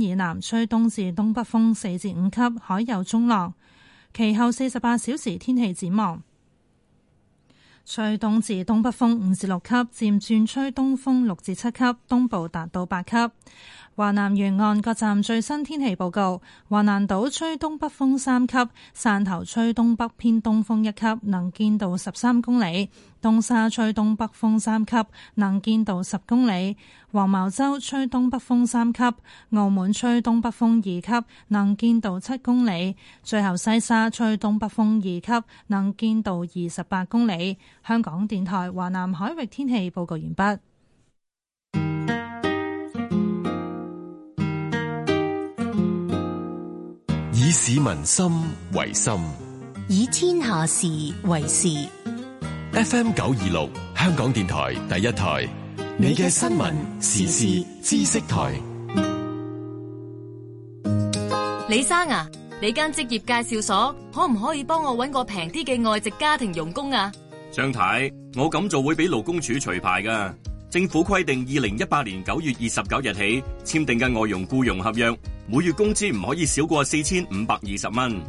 以南吹東至東北風四至五級，海有中浪。其後四十八小時天氣展望：吹東至東北風五至六級，漸轉吹東風六至七級，東部達到八級。華南沿岸各站最新天氣報告：華南島吹東北風三級，汕頭吹東北偏東風一級，能見度十三公里；東沙吹東北風三級，能見度十公里；黃茅洲吹東北風三級，澳門吹東北風二級，能見度七公里；最後西沙吹東北風二級，能見度二十八公里。香港電台華南海域天氣報告完畢。以市民心為心，以天下事為事。FM 九二六，香港電台第一台，你嘅新聞時事知識台。李生啊，你間職業介紹所可唔可以幫我搵個平啲嘅外籍家庭傭工啊？張太太，我咁做會俾勞工處除牌噶。政府規定，二零一八年九月二十九日起簽訂嘅外傭雇傭合約，每月工資唔可以少過四千五百二十蚊。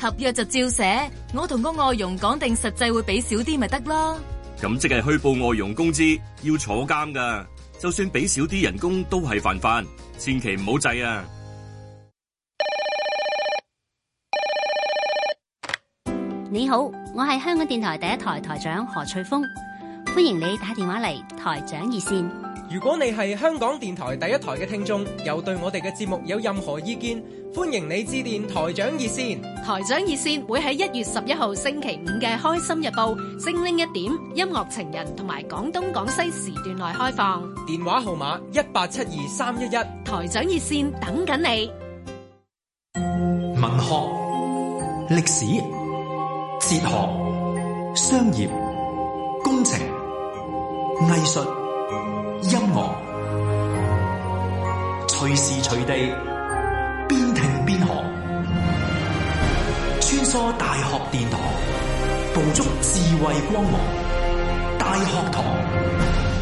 合約就照寫，我同個外傭講定實際會俾少啲咪得囉。咁即係虛報外傭工資要坐監噶，就算俾少啲人工都係犯法，千祈唔好制啊！你好，我係香港電台第一台台長何翠峰。.歡迎你打電話嚟台長熱線。如果你係香港電台第一台嘅聽眾，又對我哋嘅節目有任何意見，歡迎你致電台長熱線。台長熱線會喺一月十一號星期五嘅開心日報、精靈一點、音樂情人同埋廣東，廣，東廣西時段內開放。電話號碼一八七二三一一。台長熱線等緊你。文學、歷史、哲學、商業、工程。藝術、音樂，隨時隨地邊聽邊學，穿梭大學殿堂，捕捉智慧光芒，大學堂。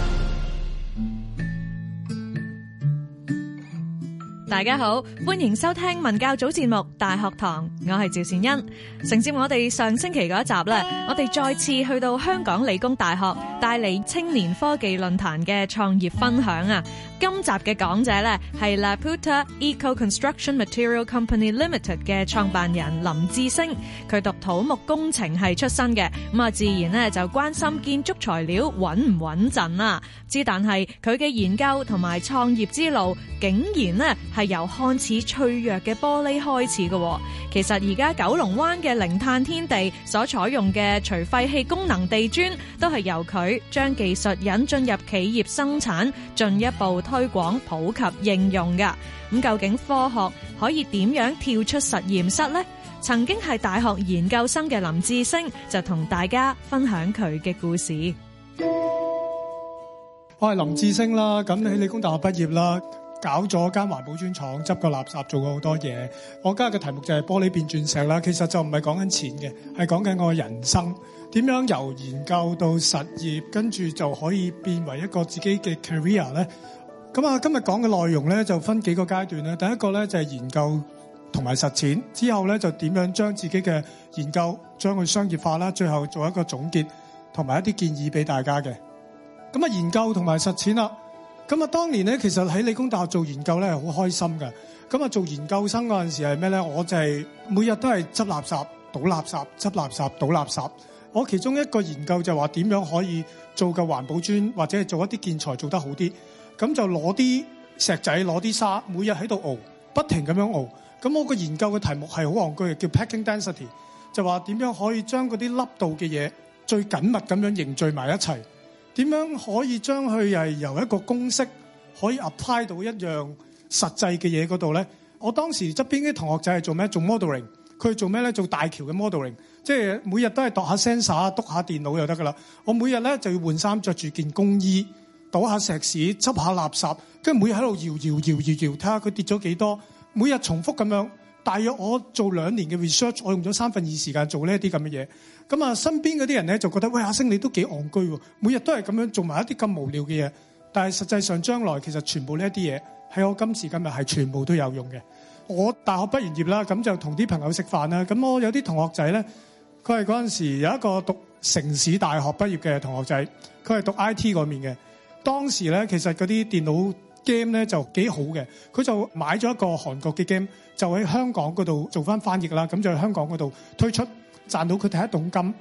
大家好，歡迎收聽文教組節目《大學堂》，我係趙善恩，承接我哋上星期嗰一集啦，我哋再次去到香港理工大學，帶嚟青年科技論壇嘅創業分享啊！今集嘅講者呢，係 Laputa Eco Construction Material Company Limited 嘅創辦人林志星，佢讀土木工程系出身嘅，咁啊，自然呢就關心建築材料穩唔穩陣啦。之但係佢嘅研究同埋創業之路，竟然呢。係。係由看似脆弱嘅玻璃開始嘅，其實而家九龍灣嘅零碳天地所採用嘅除廢氣功能地磚，都係由佢將技術引進入企業生產，進一步推廣普及應用嘅。咁究竟科學可以點樣跳出實驗室呢？曾經係大學研究生嘅林志星就同大家分享佢嘅故事。我是。我係林志星啦，咁你喺理工大學畢業啦。搞咗間環保磚廠，執過垃圾，做過好多嘢。我今日嘅題目就係玻璃變鑽石啦。其實就唔係講緊錢嘅，係講緊我嘅人生點樣由研究到實業，跟住就可以變為一個自己嘅 career 呢？咁啊，今日講嘅內容呢，就分幾個階段啦。第一個呢，就係研究同埋實踐，之後呢，就點樣將自己嘅研究將佢商業化啦。最後做一個總結同埋一啲建議俾大家嘅。咁啊，研究同埋實踐啦。咁啊，當年咧，其實喺理工大學做研究咧，係好開心嘅。咁啊，做研究生嗰陣時係咩咧？我就係每日都係執垃圾、倒垃圾、執垃圾、倒垃圾。我其中一個研究就話點樣可以做個環保磚或者係做一啲建材做得好啲。咁就攞啲石仔、攞啲沙，每日喺度熬，不停咁樣熬。咁我個研究嘅題目係好戇居嘅，叫 packing density，就話點樣可以將嗰啲粒度嘅嘢最緊密咁樣凝聚埋一齊。點樣可以將佢係由一個公式可以 apply 到一樣實際嘅嘢嗰度咧？我當時側邊啲同學仔係做咩？做 modeling，佢做咩咧？做大橋嘅 modeling，即係每日都係度下 sensor，篤下電腦就得噶啦。我每日咧就要換衫，着住件工衣，倒下石屎，執下垃圾，跟住每日喺度搖搖搖搖搖，睇下佢跌咗幾多，每日重複咁樣。大約我做兩年嘅 research，我用咗三分二時間做呢啲咁嘅嘢。咁啊，身邊嗰啲人呢，就覺得，喂，阿星你都幾戇居喎，每日都係咁樣做埋一啲咁無聊嘅嘢。但係實際上將來其實全部呢啲嘢喺我今時今日係全部都有用嘅。我大學畢業啦，咁就同啲朋友食飯啦。咁我有啲同學仔呢，佢係嗰陣時有一個讀城市大學畢業嘅同學仔，佢係讀 IT 嗰面嘅。當時呢，其實嗰啲電腦。game 咧就幾好嘅，佢就買咗一個韓國嘅 game，就喺香港嗰度做翻翻譯啦，咁就喺香港嗰度推出，賺到佢第一桶金。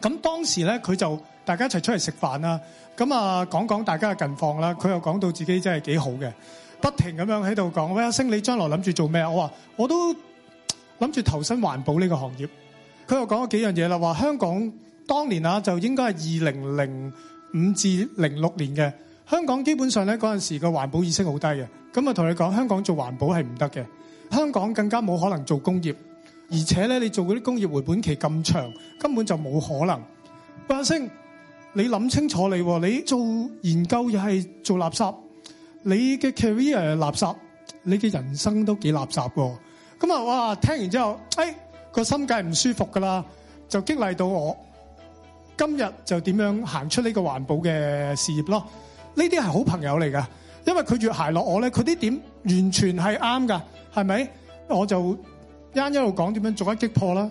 咁當時咧佢就大家一齊出嚟食飯啦，咁啊講講大家嘅近況啦，佢又講到自己真係幾好嘅，不停咁樣喺度講。喂、哎，阿星你將來諗住做咩啊？我話我都諗住投身環保呢個行業。佢又講咗幾樣嘢啦，話香港當年啊就應該係二零零五至零六年嘅。香港基本上咧嗰陣時個環保意識好低嘅，咁啊同你講香港做環保係唔得嘅，香港更加冇可能做工業，而且咧你做嗰啲工業回本期咁長，根本就冇可能。阿星，你諗清楚，你你做研究又係做垃圾，你嘅 career 垃圾，你嘅人生都幾垃圾㗎。咁啊哇，聽完之後，哎，個心梗係唔舒服噶啦，就激勵到我，今日就點樣行出呢個環保嘅事業咯。呢啲係好朋友嚟噶，因為佢越鞋落我咧，佢啲點完全係啱噶，係咪？我就一一路講點樣逐一擊破啦。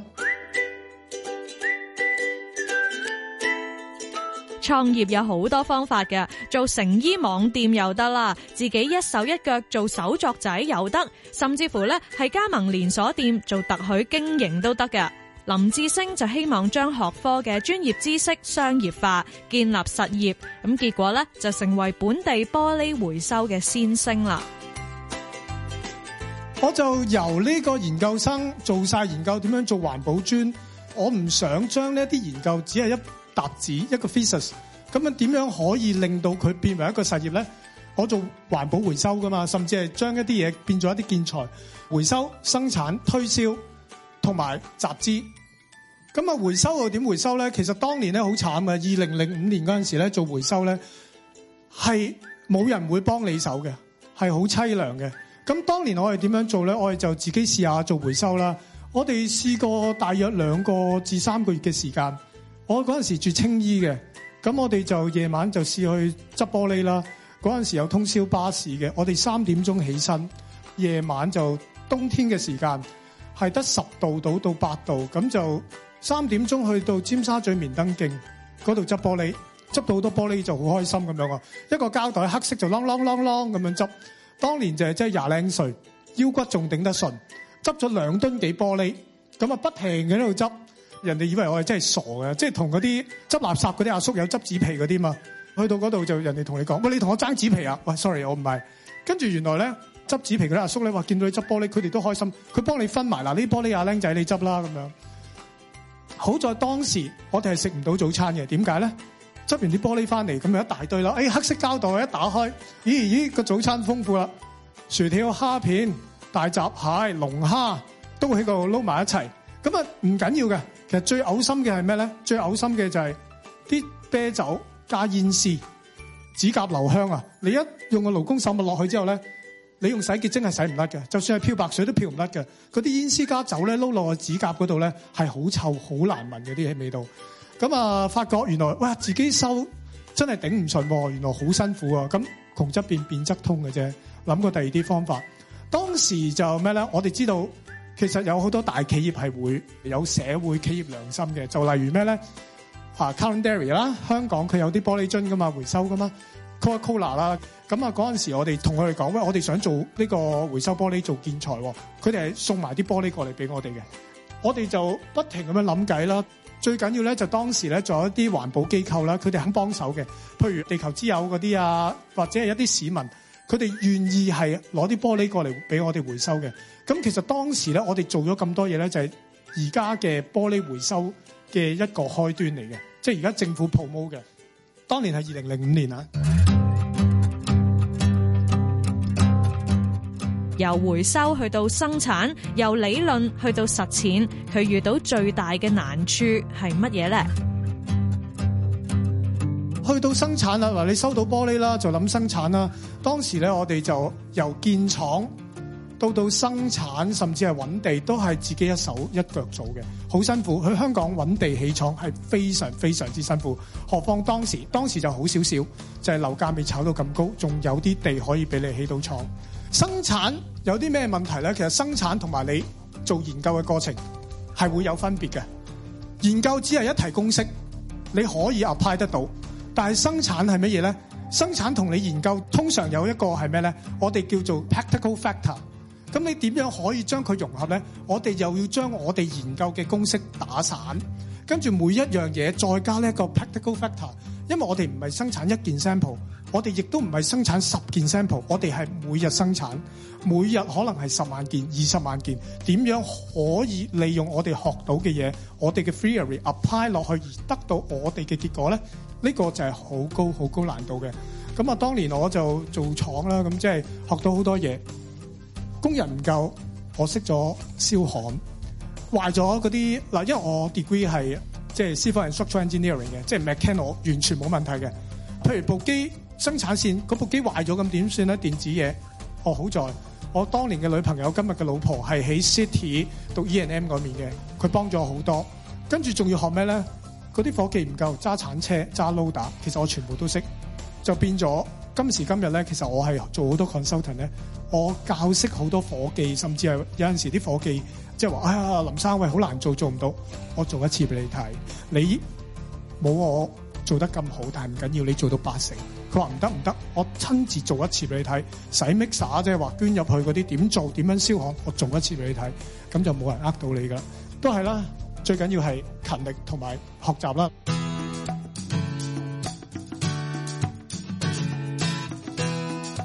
創業有好多方法嘅，做成衣網店又得啦，自己一手一腳做手作仔又得，甚至乎咧係加盟連鎖店做特許經營都得嘅。林志升就希望將學科嘅專業知識商業化，建立實業。咁結果咧就成為本地玻璃回收嘅先聲啦。我就由呢個研究生做晒研究，點樣做環保磚？我唔想將呢啲研究只係一沓紙一個 thesis。咁樣點樣可以令到佢變為一個實業呢？我做環保回收噶嘛，甚至係將一啲嘢變做一啲建材回收、生產、推銷同埋集資。咁啊，回收又點回收呢？其實當年咧好慘嘅。二零零五年嗰陣時咧做回收呢，係冇人會幫你手嘅，係好淒涼嘅。咁當年我係點樣做呢？我係就自己試下做回收啦。我哋試過大約兩個至三個月嘅時間。我嗰陣時住青衣嘅，咁我哋就夜晚就試去執玻璃啦。嗰陣時有通宵巴士嘅，我哋三點鐘起身，夜晚就冬天嘅時間係得十度到到八度咁就。三點鐘去到尖沙咀綿登徑嗰度執玻璃，執到好多玻璃就好開心咁樣啊！一個膠袋黑色就啷啷啷啷咁樣執。當年就係真係廿零歲，腰骨仲頂得順，執咗兩噸幾玻璃，咁啊不停喺度執。人哋以為我係真係傻嘅，即係同嗰啲執垃圾嗰啲阿叔有執紙皮嗰啲嘛。去到嗰度就人哋同你講：喂，你同我爭紙皮啊！喂，sorry，我唔係。跟住原來咧執紙皮嗰啲阿叔咧話見到你執玻璃，佢哋都開心，佢幫你分埋，嗱，呢玻璃，阿靚仔你執啦咁樣。好在當時我哋係食唔到早餐嘅，點解咧？執完啲玻璃翻嚟咁咪一大堆囉。誒、哎、黑色膠袋一打開，咦咦個早餐豐富啦，薯條、蝦片、大閘蟹、龍蝦都喺度撈埋一齊。咁啊唔緊要嘅，其實最嘔心嘅係咩咧？最嘔心嘅就係啲啤酒加煙絲指甲留香啊！你一用個勞工手物落去之後咧。你用洗潔精係洗唔甩嘅，就算係漂白水都漂唔甩嘅。嗰啲煙絲加酒咧撈落個指甲嗰度咧係好臭、好難聞嘅啲嘢味道。咁啊，發覺原來哇自己收真係頂唔順喎，原來好辛苦啊。咁窮則變，變則通嘅啫。諗過第二啲方法，當時就咩咧？我哋知道其實有好多大企業係會有社會企業良心嘅，就例如咩咧？啊，Calendary 啦，香港佢有啲玻璃樽噶嘛，回收噶嘛。可口可樂啦，咁啊嗰陣時我，我哋同佢哋講，喂，我哋想做呢個回收玻璃做建材，佢哋係送埋啲玻璃過嚟俾我哋嘅。我哋就不停咁樣諗計啦。最緊要咧就當時咧，仲有一啲環保機構啦，佢哋肯幫手嘅。譬如地球之友嗰啲啊，或者係一啲市民，佢哋願意係攞啲玻璃過嚟俾我哋回收嘅。咁其實當時咧，我哋做咗咁多嘢咧，就係而家嘅玻璃回收嘅一個開端嚟嘅，即係而家政府 promote 嘅。當年係二零零五年啊。由回收去到生產，由理論去到實踐，佢遇到最大嘅難處係乜嘢呢？去到生產啦，嗱，你收到玻璃啦，就諗生產啦。當時咧，我哋就由建廠到到生產，甚至係揾地都係自己一手一腳做嘅，好辛苦。去香港揾地起廠係非常非常之辛苦，何況當時，當時就好少少，就係樓價未炒到咁高，仲有啲地可以俾你起到廠。生產有啲咩問題呢？其實生產同埋你做研究嘅過程係會有分別嘅。研究只係一題公式，你可以 apply 得到，但係生產係乜嘢呢？生產同你研究通常有一個係咩呢？我哋叫做 practical factor。咁你點樣可以將佢融合呢？我哋又要將我哋研究嘅公式打散，跟住每一樣嘢再加呢一個 practical factor。因為我哋唔係生產一件 sample，我哋亦都唔係生產十件 sample，我哋係每日生產，每日可能係十萬件、二十萬件，點樣可以利用我哋學到嘅嘢，我哋嘅 theory apply 落去而得到我哋嘅結果呢？呢、呢個就係好高、好高難度嘅。咁啊，當年我就做廠啦，咁即係學到好多嘢。工人唔夠，我識咗燒焊，壞咗嗰啲嗱，因為我 degree 係。即係西方人 structural engineering 嘅，即係 mechanical 完全冇問題嘅。譬如部機生產線嗰部機壞咗咁點算咧？電子嘢，哦好在，我當年嘅女朋友今日嘅老婆係喺 City 讀 E and M 嗰邊嘅，佢幫咗我好多。跟住仲要學咩咧？嗰啲伙計唔夠，揸鏟車揸 loader，其實我全部都識。就變咗今時今日咧，其實我係做好多 consultant 咧，我教識好多伙計，甚至係有陣時啲伙計。即係話，哎呀，林生喂，好難做，做唔到，我做一次俾你睇，你冇我做得咁好，但係唔緊要，你做到八成。佢話唔得唔得，我親自做一次俾你睇，使 mixer 即係話捐入去嗰啲點做，點樣燒焊。我做一次俾你睇，咁就冇人呃到你噶啦。都係啦，最緊要係勤力同埋學習啦。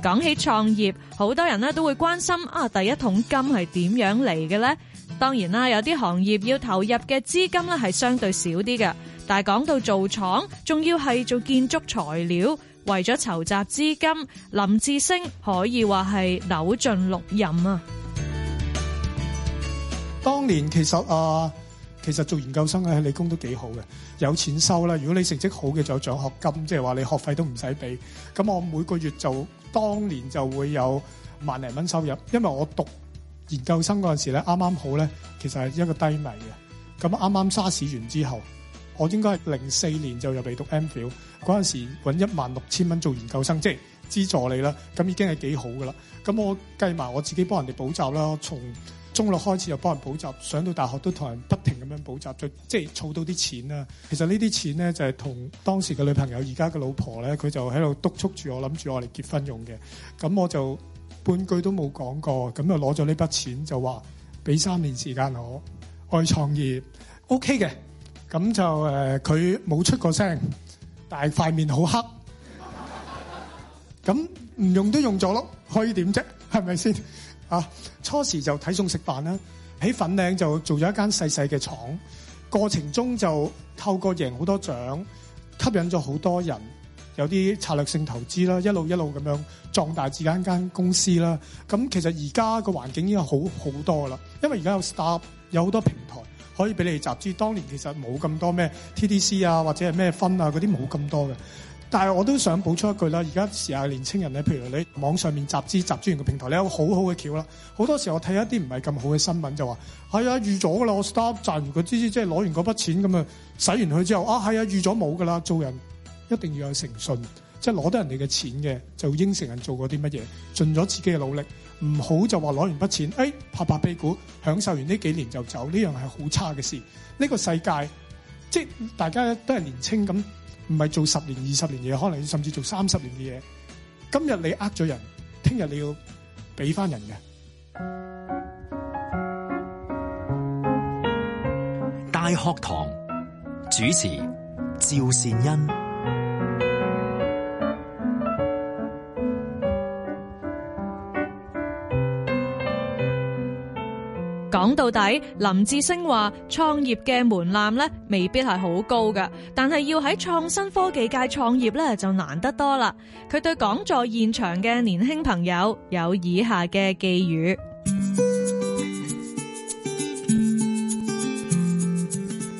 講起創業，好多人咧都會關心啊，第一桶金係點樣嚟嘅咧？當然啦，有啲行業要投入嘅資金咧係相對少啲嘅，但係講到做廠，仲要係做建築材料，為咗籌集資金，林志星可以話係扭盡六壬啊！當年其實啊，其實做研究生喺理工都幾好嘅，有錢收啦。如果你成績好嘅，就有獎學金，即係話你學費都唔使俾。咁我每個月就當年就會有萬零蚊收入，因為我讀。研究生嗰陣時咧，啱啱好咧，其實係一個低迷嘅。咁啱啱沙士完之後，我應該係零四年就入嚟讀 MPhil 嗰陣時，揾一萬六千蚊做研究生，即係資助你啦。咁已經係幾好噶啦。咁我計埋我自己幫人哋補習啦，從中六開始就幫人補習，上到大學都同人不停咁樣補習，就即係儲到啲錢啦。其實呢啲錢咧就係同當時嘅女朋友，而家嘅老婆咧，佢就喺度督促住我，諗住我嚟結婚用嘅。咁我就。半句都冇講過，咁就攞咗呢筆錢就話俾三年時間我，愛創業，OK 嘅。咁就佢冇、呃、出過聲，但係塊面好黑。咁唔 用都用咗咯，可以點啫？係咪先啊？初時就睇餸食飯啦，喺粉嶺就做咗一間細細嘅廠，過程中就透過贏好多獎，吸引咗好多人。有啲策略性投資啦，一路一路咁樣壯大自己間公司啦。咁其實而家個環境已經好好多啦，因為而家有 startup，有好多平台可以俾你集資。當年其實冇咁多咩 TDC 啊，或者係咩分啊嗰啲冇咁多嘅。但係我都想補充一句啦，而家時下年青人咧，譬如你網上面集資集資完個平台，你有好好嘅橋啦。好多時候我睇一啲唔係咁好嘅新聞就話：係啊，預咗噶啦，我 startup 賺完嗰啲即係攞完嗰筆錢咁啊，使完佢之後啊，係啊，預咗冇噶啦，做人。一定要有誠信，即係攞得人哋嘅錢嘅，就應承人做過啲乜嘢，盡咗自己嘅努力，唔好就話攞完筆錢，哎拍拍屁股，享受完呢幾年就走，呢樣係好差嘅事。呢個世界，即係大家都係年青，咁唔係做十年、二十年嘢，可能甚至做三十年嘅嘢。今日你呃咗人，聽日你要俾翻人嘅。大學堂主持趙善恩。講到底，林志升話創業嘅門檻咧，未必係好高噶，但係要喺創新科技界創業咧就難得多啦。佢對講座現場嘅年輕朋友有以下嘅寄語：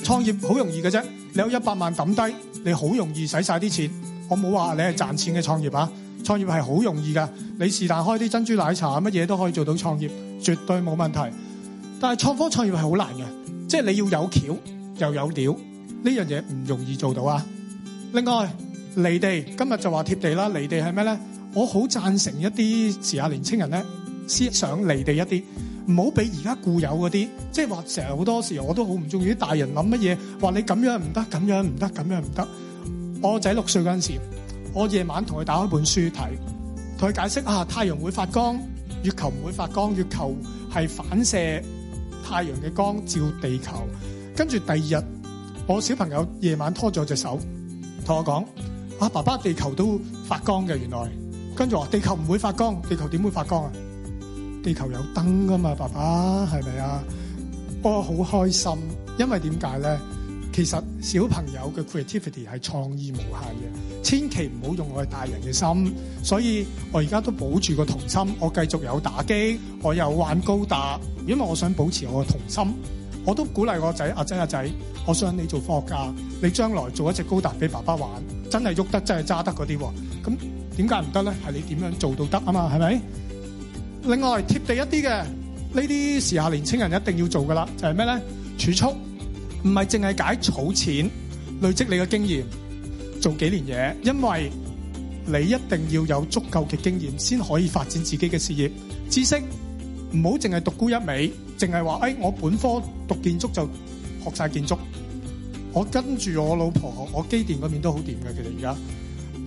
創業好容易嘅啫，你有一百萬抌低，你好容易使晒啲錢。我冇話你係賺錢嘅創業啊，創業係好容易噶。你是但開啲珍珠奶茶乜嘢都可以做到創業，絕對冇問題。但係創科創業係好難嘅，即係你要有橋又有料，呢樣嘢唔容易做到啊！另外離地今日就話貼地啦，離地係咩咧？我好贊成一啲時下年青人咧，思想離地一啲，唔好俾而家固有嗰啲，即係話成好多時我都好唔中意啲大人諗乜嘢，話你咁樣唔得，咁樣唔得，咁樣唔得。我仔六歲嗰陣時，我夜晚同佢打開一本書睇，同佢解釋啊，太陽會發光，月球唔會發光，月球係反射。太陽嘅光照地球，跟住第二日，我小朋友夜晚拖咗我隻手，同我講：啊，爸爸，地球都發光嘅，原來。跟住話，地球唔會發光，地球點會發光啊？地球有燈噶嘛，爸爸係咪啊？我好開心，因為點解咧？其實小朋友嘅 creativity 係創意無限嘅，千祈唔好用我哋大人嘅心。所以我而家都保住個童心，我繼續有打機，我又玩高達，因為我想保持我嘅童心。我都鼓勵我仔阿仔阿仔，我想你做科學家，你將來做一隻高達俾爸爸玩，真係喐得真係，真係揸得嗰啲。咁點解唔得咧？係你點樣做到得啊嘛？係咪？另外貼地一啲嘅，呢啲時下年青人一定要做噶啦，就係咩咧？儲蓄。唔係淨係解儲錢，累積你嘅經驗做幾年嘢，因為你一定要有足夠嘅經驗先可以發展自己嘅事業。知識唔好淨係獨沽一味，淨係話誒，我本科讀建築就學晒建築。我跟住我老婆，我機電嗰邊都好掂嘅。其實而家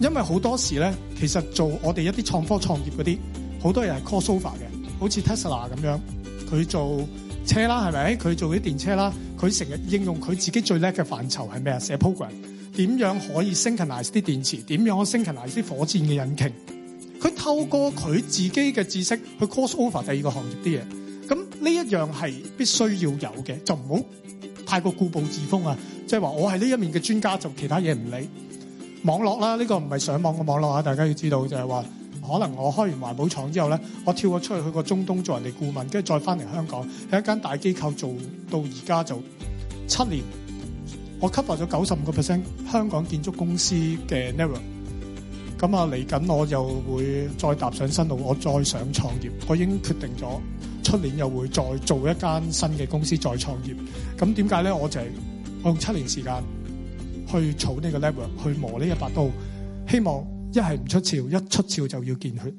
因為好多時咧，其實做我哋一啲創科創業嗰啲，好多人係 co sofa 嘅，好似 Tesla 咁樣，佢做車啦，係咪？佢做啲電車啦。佢成日應用佢自己最叻嘅範疇係咩啊？寫 program，點樣可以 synchronize 啲電池？點樣可以 synchronize 啲火箭嘅引擎？佢透過佢自己嘅知識去 cross over 第二個行業啲嘢。咁呢一樣係必須要有嘅，就唔好太過固步自封啊！即係話我係呢一面嘅專家，做其他嘢唔理網絡啦，呢個唔係上網嘅網絡啊！大家要知道就係話。可能我開完環保廠之後呢，我跳咗出去去個中東做人哋顧問，跟住再翻嚟香港喺一間大機構做到而家就七年，我 cover 咗九十五個 percent 香港建築公司嘅 network。咁啊，嚟緊我又會再踏上新路，我再想創業。我已經決定咗，出年又會再做一間新嘅公司再創業。咁點解呢？我就係我用七年時間去儲呢個 level，去磨呢一把刀，希望。一係唔出潮，一出潮就要見血。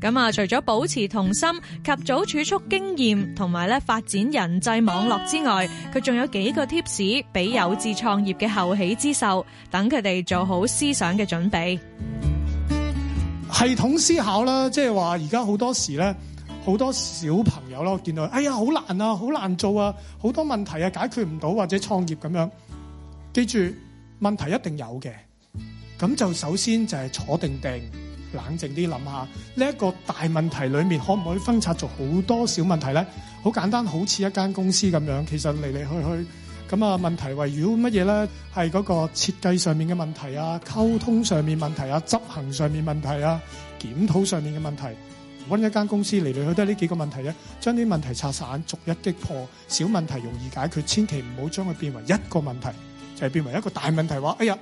咁啊，除咗保持童心及早儲蓄經驗，同埋咧發展人際網絡之外，佢仲有幾個 tips 俾有志創業嘅後起之秀，等佢哋做好思想嘅準備。系統思考啦，即係話而家好多時咧。好多小朋友咯，我見到，哎呀，好難啊，好難做啊，好多問題啊，解決唔到或者創業咁樣。記住，問題一定有嘅。咁就首先就係坐定定，冷靜啲諗下，呢、這、一個大問題裏面可唔可以分拆做好多小問題咧？好簡單，好似一間公司咁樣，其實嚟嚟去去咁啊，問題圍繞乜嘢咧，係、呃、嗰個設計上面嘅問題啊，溝通上面問題啊，執行上面問題啊，檢討上面嘅問題。揾一間公司嚟嚟去去都係呢幾個問題咧，將啲問題拆散，逐一擊破。小問題容易解決，千祈唔好將佢變為一個問題，就係、是、變為一個大問題。話：哎呀，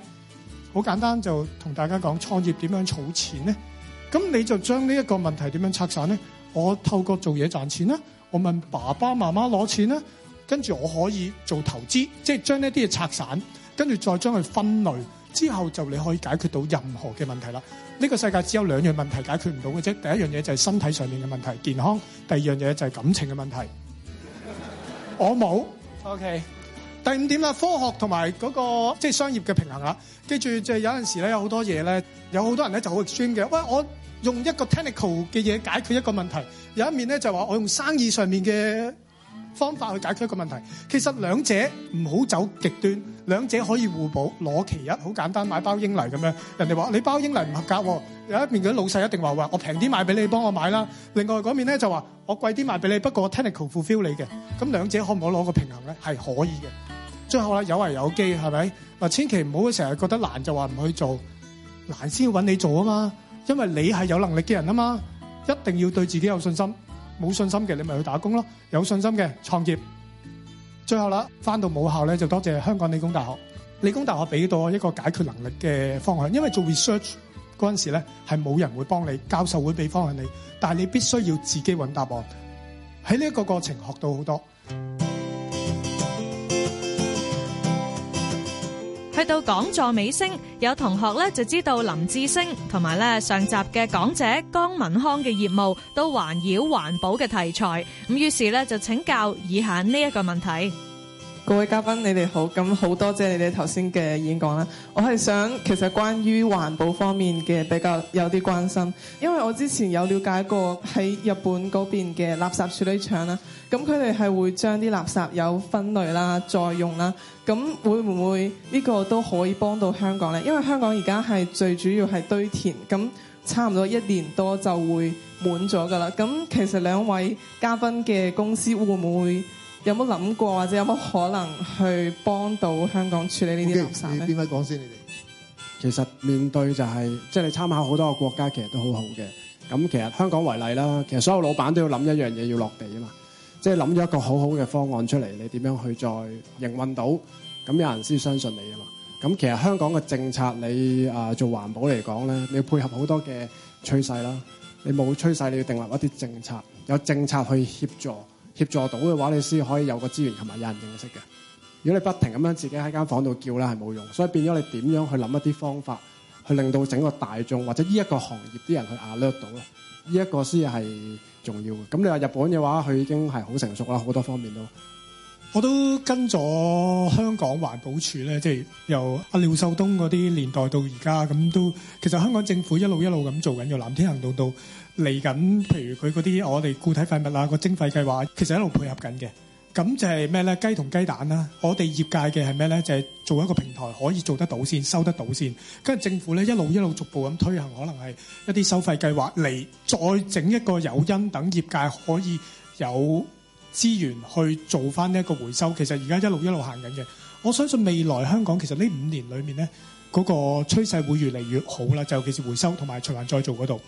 好簡單就同大家講創業點樣儲錢咧？咁你就將呢一個問題點樣拆散咧？我透過做嘢賺錢啦，我問爸爸媽媽攞錢啦，跟住我可以做投資，即係將呢啲嘢拆散，跟住再將佢分類。之後就你可以解決到任何嘅問題啦。呢個世界只有兩樣問題解決唔到嘅啫。第一樣嘢就係身體上面嘅問題，健康；第二樣嘢就係感情嘅問題。 我冇 OK。第五點啦，科學同埋嗰個即係、就是、商業嘅平衡啦。記住就有陣時咧，有好多嘢咧，有好多人咧就好 extreme 嘅。喂，我用一個 technical 嘅嘢解決一個問題，有一面咧就話我用生意上面嘅。方法去解決一個問題，其實兩者唔好走極端，兩者可以互補，攞其一，好簡單，買包英泥咁樣。人哋話你包英泥唔合格，有一面嘅老細一定話話我平啲賣俾你，幫我買啦。另外嗰面咧就話我貴啲賣俾你，不過 technical fulfill 你嘅。咁兩者可唔可以攞個平衡咧？係可以嘅。最後咧有為有機，係咪？嗱，千祈唔好成日覺得難就話唔去做，難先要揾你做啊嘛，因為你係有能力嘅人啊嘛，一定要對自己有信心。冇信心嘅你咪去打工咯，有信心嘅創業。最後啦，翻到母校咧就多謝香港理工大學，理工大學俾到我一個解決能力嘅方向，因為做 research 嗰陣時咧係冇人會幫你，教授會俾方向你，但係你必須要自己揾答案。喺呢一個過程學到好多。到講座尾聲，有同學咧就知道林志星同埋咧上集嘅講者江文康嘅業務都環繞環保嘅題材，咁於是咧就請教以下呢一個問題。各位嘉賓，你哋好。咁好多謝你哋頭先嘅演講啦。我係想，其實關於環保方面嘅比較有啲關心，因為我之前有了解過喺日本嗰邊嘅垃圾處理廠啦。咁佢哋係會將啲垃圾有分類啦、再用啦。咁會唔會呢個都可以幫到香港呢？因為香港而家係最主要係堆填，咁差唔多一年多就會滿咗㗎喇。咁其實兩位嘉賓嘅公司會唔會？有冇諗過或者有冇可能去幫到香港處理呢啲垃圾咧？okay，邊位講先？你哋其實面對就係即係你參考好多個國家，其實都好好嘅。咁其實香港為例啦，其實所有老闆都要諗一樣嘢要落地啊嘛。即係諗咗一個好好嘅方案出嚟，你點樣去再營運到？咁有人先相信你啊嘛。咁其實香港嘅政策，你啊、呃、做環保嚟講咧，你要配合好多嘅趨勢啦。你冇趨勢，你要訂立一啲政策，有政策去協助。協助到嘅話，你先可以有個資源同埋有人認識嘅。如果你不停咁樣自己喺間房度叫咧，係冇用。所以變咗你點樣去諗一啲方法，去令到整個大眾或者呢一個行業啲人去 alert 到，呢一個先係重要嘅。咁你話日本嘅話，佢已經係好成熟啦，好多方面都。我都跟咗香港環保署咧，即係由阿廖秀東嗰啲年代到而家咁都，其實香港政府一路一路咁做緊，有藍天行動到。嚟緊，譬如佢嗰啲我哋固體廢物啊，個徵費計劃其實一路配合緊嘅。咁就係咩呢？雞同雞蛋啦。我哋業界嘅係咩呢？就係做一個平台，可以做得到先，收得到先。跟住政府呢，一路一路逐步咁推行，可能係一啲收費計劃嚟，再整一個誘因等業界可以有資源去做翻呢一個回收。其實而家一路一路行緊嘅。我相信未來香港其實呢五年裏面呢，嗰個趨勢會越嚟越好啦。就尤其是回收同埋循環再造嗰度。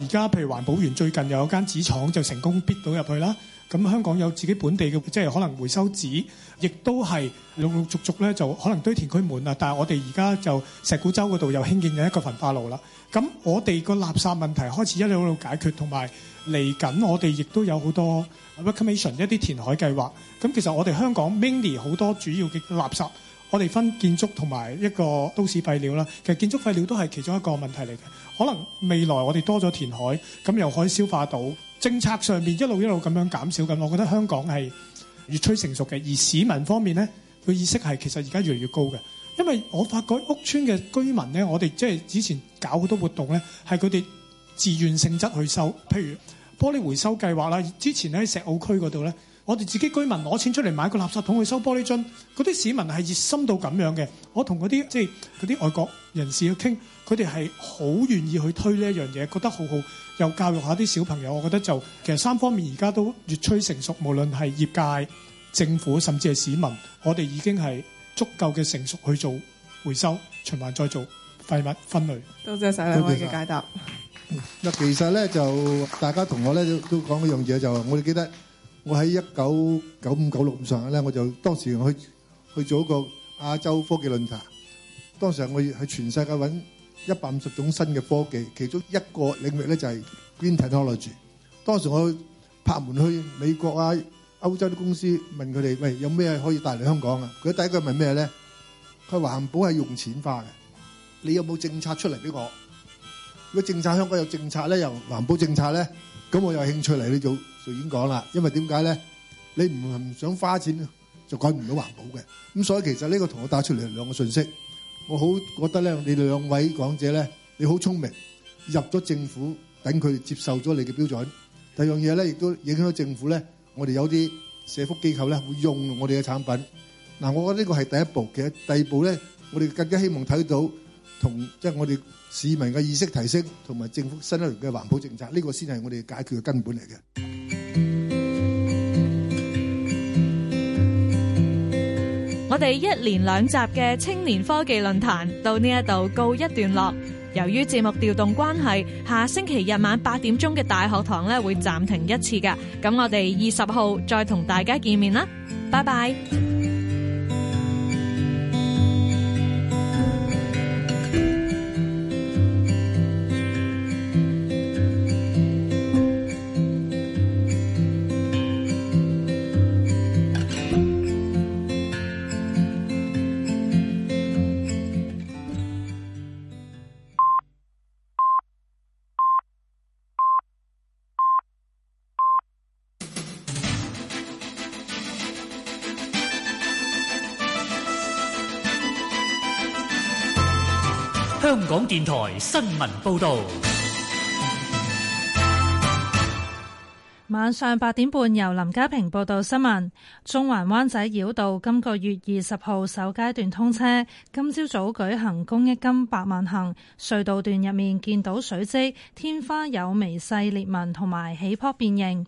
而家譬如環保園最近又有間紙廠就成功逼到入去啦。咁香港有自己本地嘅，即係可能回收紙亦都係陸陸續續咧，就可能堆填區滿啦。但係我哋而家就石鼓洲嗰度又興建咗一個焚化爐啦。咁我哋個垃圾問題開始一路一路解決，同埋嚟緊我哋亦都有好多 recognition，一啲填海計劃。咁其實我哋香港 mini 好多主要嘅垃圾。我哋分建築同埋一個都市廢料啦，其實建築廢料都係其中一個問題嚟嘅。可能未來我哋多咗填海，咁又可以消化到政策上面一路一路咁樣減少緊。我覺得香港係越趨成熟嘅，而市民方面呢，佢意識係其實而家越嚟越高嘅。因為我發覺屋邨嘅居民呢，我哋即係之前搞好多活動呢，係佢哋自願性質去收，譬如玻璃回收計劃啦，之前喺石澳區嗰度呢。我哋自己居民攞錢出嚟買個垃圾桶去收玻璃樽，嗰啲市民係熱心到咁樣嘅。我同嗰啲即係嗰啲外國人士去傾，佢哋係好願意去推呢一樣嘢，覺得好好，又教育下啲小朋友。我覺得就其實三方面而家都越趨成熟，無論係業界、政府，甚至係市民，我哋已經係足夠嘅成熟去做回收、循環再做廢物分類。多謝晒兩位嘅解答。嗱，其實咧就大家同我咧都講一樣嘢，就我哋記得。我喺一九九五九六咁上下咧，我就當時我去去做一個亞洲科技論壇。當時我喺全世界揾一百五十種新嘅科技，其中一個領域咧就係 Green Technology。當時我拍門去美國啊、歐洲啲公司問佢哋：喂，有咩可以帶嚟香港啊？佢第一句問咩咧？佢環保係用錢花嘅，你有冇政策出嚟俾我？如果政策香港有政策咧，又環保政策咧。咁我有興趣嚟呢度，就已經講啦。因為點解咧？你唔唔想花錢，就改唔到環保嘅。咁所以其實呢個同我打出嚟兩個信息，我好覺得咧，你兩位講者咧，你好聰明，入咗政府，等佢接受咗你嘅標準。第二樣嘢咧，亦都影響到政府咧。我哋有啲社福機構咧，會用我哋嘅產品。嗱，我覺得呢個係第一步。其實第二步咧，我哋更加希望睇到。同即係我哋市民嘅意識提升，同埋政府新一年嘅環保政策，呢個先係我哋解決嘅根本嚟嘅。我哋一連兩集嘅青年科技論壇到呢一度告一段落。由於節目調動關係，下星期日晚八點鐘嘅大學堂咧，會暫停一次噶。咁我哋二十號再同大家見面啦，拜拜。電台新聞報道：晚上八點半，由林家平報道新聞。中環灣仔繞道今個月二十號首階段通車，今朝早舉行公益金百萬行。隧道段入面見到水跡，天花有微細裂紋同埋起坡變形。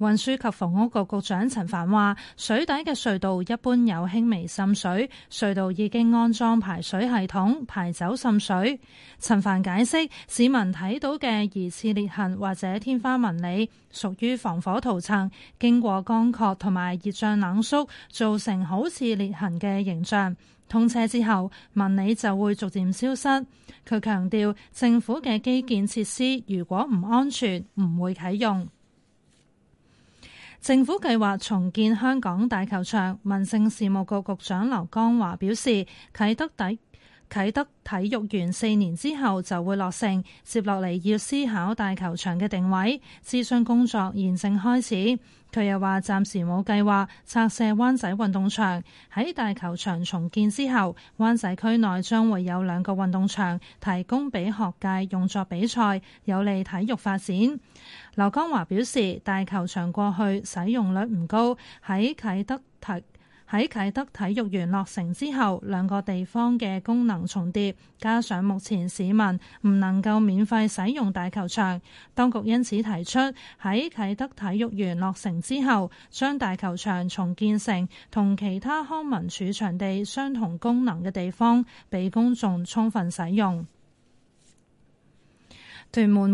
運輸及房屋局局長陳帆話，水底嘅隧道一般有輕微滲水，隧道已經安裝排水系統，排走滲水。陳帆解釋，市民睇到嘅疑似裂痕或者天花紋理，屬於防火塗層，經過乾涸同埋熱脹冷縮，造成好似裂痕嘅形象。通車之後，紋理就會逐漸消失。佢強調，政府嘅基建設施如果唔安全，唔會啟用。政府計劃重建香港大球場，民政事務局局長劉江華表示，啟德啟德體育園四年之後就會落成，接落嚟要思考大球場嘅定位，諮詢工作現正開始。佢又話：暫時冇計劃拆卸灣仔運動場，喺大球場重建之後，灣仔區內將會有兩個運動場提供俾學界用作比賽，有利體育發展。劉江華表示，大球場過去使用率唔高，喺啟德特。喺啟德體育園落成之後，兩個地方嘅功能重疊，加上目前市民唔能夠免費使用大球場，當局因此提出，喺啟德體育園落成之後，將大球場重建成同其他康文署場地相同功能嘅地方，俾公眾充分使用。屯門